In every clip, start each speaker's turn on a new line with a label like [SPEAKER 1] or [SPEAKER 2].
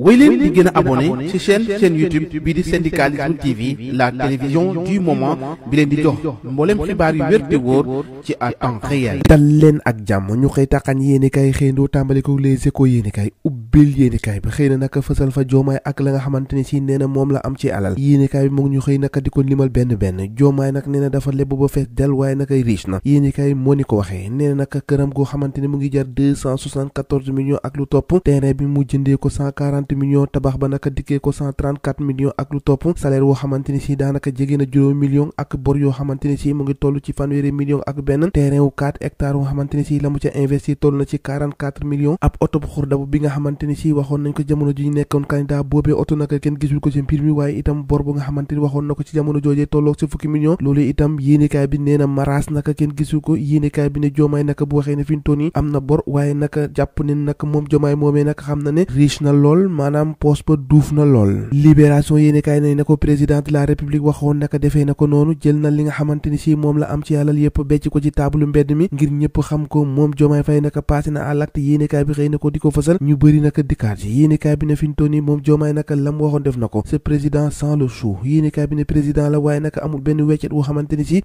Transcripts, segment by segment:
[SPEAKER 1] wéy leen di gën a abonné ci chaîne chaîne YouTube bi di syndicalisme TV la télévision du moment bi leen di jox mboolem xibaar yu wér te wóor ci à temps réel. dal leen ak jàmm ñu xëy taxañ yéen i kaay xëy ndoo tàmbali ko ubbil yéenekaay bi xëy na naka fësal fa joomaay ak la nga xamante si nee moom la am ci alal yéenekaay bi mu ngi ñu xëy naka di ko limal benn benn joomaay nag nee dafa lebb ba fees del waaye naka riche na yéenekaay moo ni ko waxee nee na naka këram goo xamante ne mu ngi jar deux cent soixante quatorze millions ak lu topp terrain bi mu jëndee ko cent quarante millions tabax ba naka dikkee ko cent trente quatre millions ak lu topp salaire woo xamante si daanaka jege na juróom millions ak bor yoo xamante ne si mu ngi toll ci fanweeri millions ak benn terrain wu quatre hectares woo xamante ne si la mu ca investir toll na ci quarante quatre millions ab bi nga xamante xamante ni si waxoon nañ ko jamono ji nekkoon candidat boobee oto naka kenn gisul ko ci mbir mi waaye itam bor bu nga xamante ni waxoon na ko ci jamono joojee tolloog ci fukki million loolu itam yéenekaay bi nee na maraas naka kenn gisul ko yéenekaay bi ne joomaay naka bu waxee ne fi mu toll nii am na bor waaye naka jàpp ne naka moom joomaay moomee xam na ne riche na lool maanaam poche ba duuf na lool libération yéenekaay ne ko président la république waxoon naka defee na ko noonu jël na li nga ni si moom la am ci yàllal yëpp becc ko ci taabalu mbedd mi ngir ñëpp xam ko moom joomaay fay naka passé na à l'acte yéenekaay bi xëy na ko di ko fësal ñu bëri na naka dikkaat yi yéenekaay bi ne fi nii moom Diomaye naka lam waxoon def na ko c'est président sans le chou yéenekaay bi ne président la waaye naka amul benn weccet woo xamante si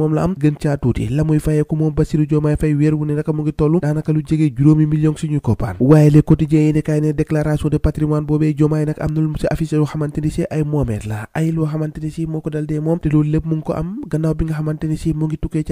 [SPEAKER 1] moom la am gën caa tuuti la muy fayeeku moom Bassirou Diomaye Faye weer wu ne naka mu ngi toll daanaka lu jege juróomi million suñu koppaan waaye Le Quotidien yéenekaay ne déclaration de patrimoine boobee Diomaye nag am na lu si affiché yoo xamante si ay moomeet la ay ngi tukkee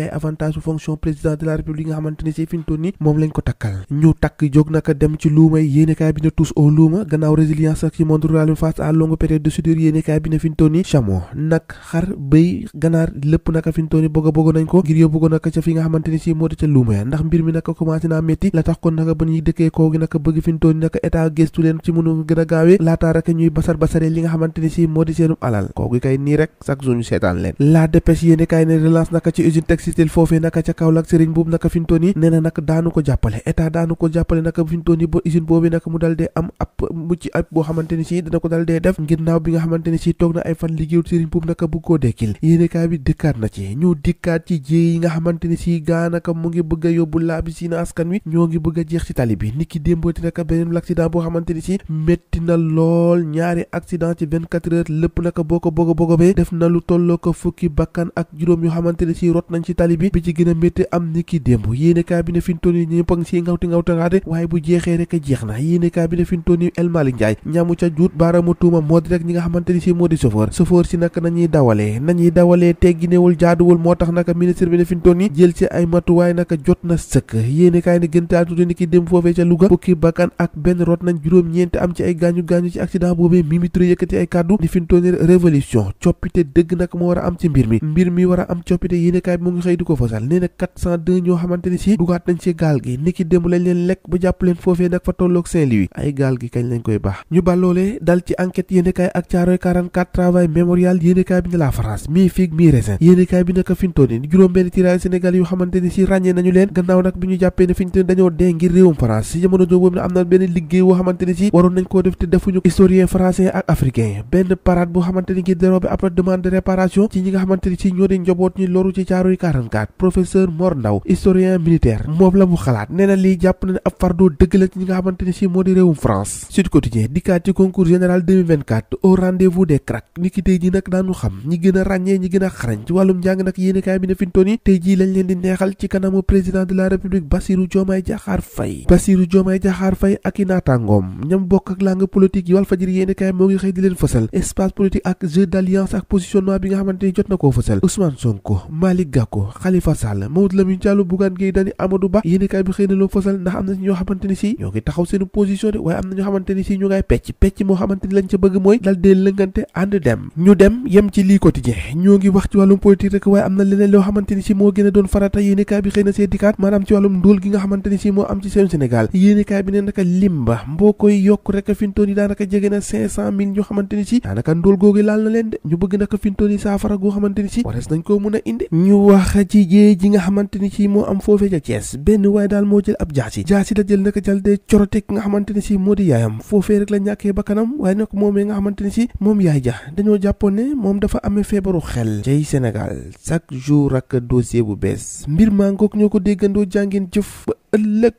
[SPEAKER 1] bëgg naka fi nga xamante si moo ca luuma ya ndax mbir mi naka commencé naa métti la tax kon naka ba ñuy dëkkee koo gi naka bëgg fi ñu naka état gëstu leen ci mënu gën a gaawee laataa rek ñuy basar basaree li nga xamante si moo di alal koo gi kay nii rek chaque jour seetaan leen la dépêche yéenekaay ne relance naka ci usine textile foofee naka ca Kaolack sëriñ boobu naka fi mu toll nii nee na nag daanu ko jàppale état daanu ko jàppale naka fi mu usine boobu naka mu dal am ab mucc ab boo xamante ni si dana ko dal def ngir naaw bi nga xamante si toog na ay fan liggéeyul sëriñ boobu naka bëgg koo dekkil yéenekaay bi dikkaat na ci ñu dikkaat ci jéey yi nga xamante ni si gaanaka mu ngi bëgg a yóbbu laabi si na wi ñoo ngi bëgg a jeex ci tali bi niki démbooti naka rot nañ ci tali bi bi ci gën a métti am ni démb yéenekaay bi na yéenekaay bi ne fi mu toll nii El Malick Ndiaye ñaamu ca juut baaraamu tuuma moo di rek ñi nga xamante ni moo di chauffeur chauffeur si nag nañuy dawalee nañuy dawalee tegginewul jaaduwul moo tax nag ministre bi ne fi mu jël ci ay matuwaay nag jot na sëkk yéenekaay ne gën taa tuuti ni démb foofee ca Louga fukki bakkan ak benn rot nañ juróom ñeenti am ci ay gaañu gaañu ci accident boobee Mimi Touré yëkkati ay kàddu ni fi révolution coppite dëgg nag mi mbir a kaay mu ngi xëy di ko fasal nee na 402 ñoo xamante ni dugaat nañ ci gaal gi niki démb lañ leen lekk ba jàpp foofee nag fa tolloog Saint-Louis ay gaal gi kañ lañ koy baax ñu ba dal ci enquête yéene kaay ak caaroy 44 travail mémorial yéene kaay bi ne la France mi fig mi raisin yéene kaay bi naka fintoon ni juróom benn tiraay Sénégal yu xamante ni si nañu leen gannaaw nag bi ñu jàppee ne fintoon dañoo dee ngir réewum France Caaroy 44 professeur Mor Ndaw historien militaire moom la mu xalaat nee lii jàpp na ne ab fardeau dëgg la ci ñi nga xamante ne si moo di réewum France Sud Quotidien dikkaat ci concours général au rendez-vous des cracks ni nag daanu xam ñi gën a ràññee ñi gën a xarañ ci wàllum njàng nag yéenekaay bi ne fintoon yi tey jii lañ leen di neexal ci kanamu président de la république Bassirou Diomaye Diakhar Faye Bassirou Diomaye Diakhar Faye ak i naataangoom Malick Gakou Khalifa Sall Mamadou Lamine Diallo Bougane Gueye Dany Amadou Ba yéenekaay bi xëy na loo fasal ndax am na si ñoo ngi si ñoo ngi si moo am ci seen Sénégal yéenekaay bi ne naka limba mboo koy yokk rek fintoon yi daanaka jege na cinq cent mille ñoo xamante si daanaka ndóol googu laal na leen de ñu bëgg naka fintoon yi saafara goo xamante si warees nañ ko mun a indi ñu wax ci jéey ji nga xamante ni ci moo am foofee ca Thiès benn waaye daal moo jël ab jaasi jaasi la jël naka jal dee corote ki nga xamante ni ci moo di yaayam foofee rek la ñàkkee kanam waaye nag moomee nga xamante ni ci moom yaay ja dañoo jàppoon ne moom dafa amee feebaru xel cay senegal chaque jour ak dossier bu bees mbir maa ngoog ñoo ko déggandoo jàngeen jëf ba ëllëg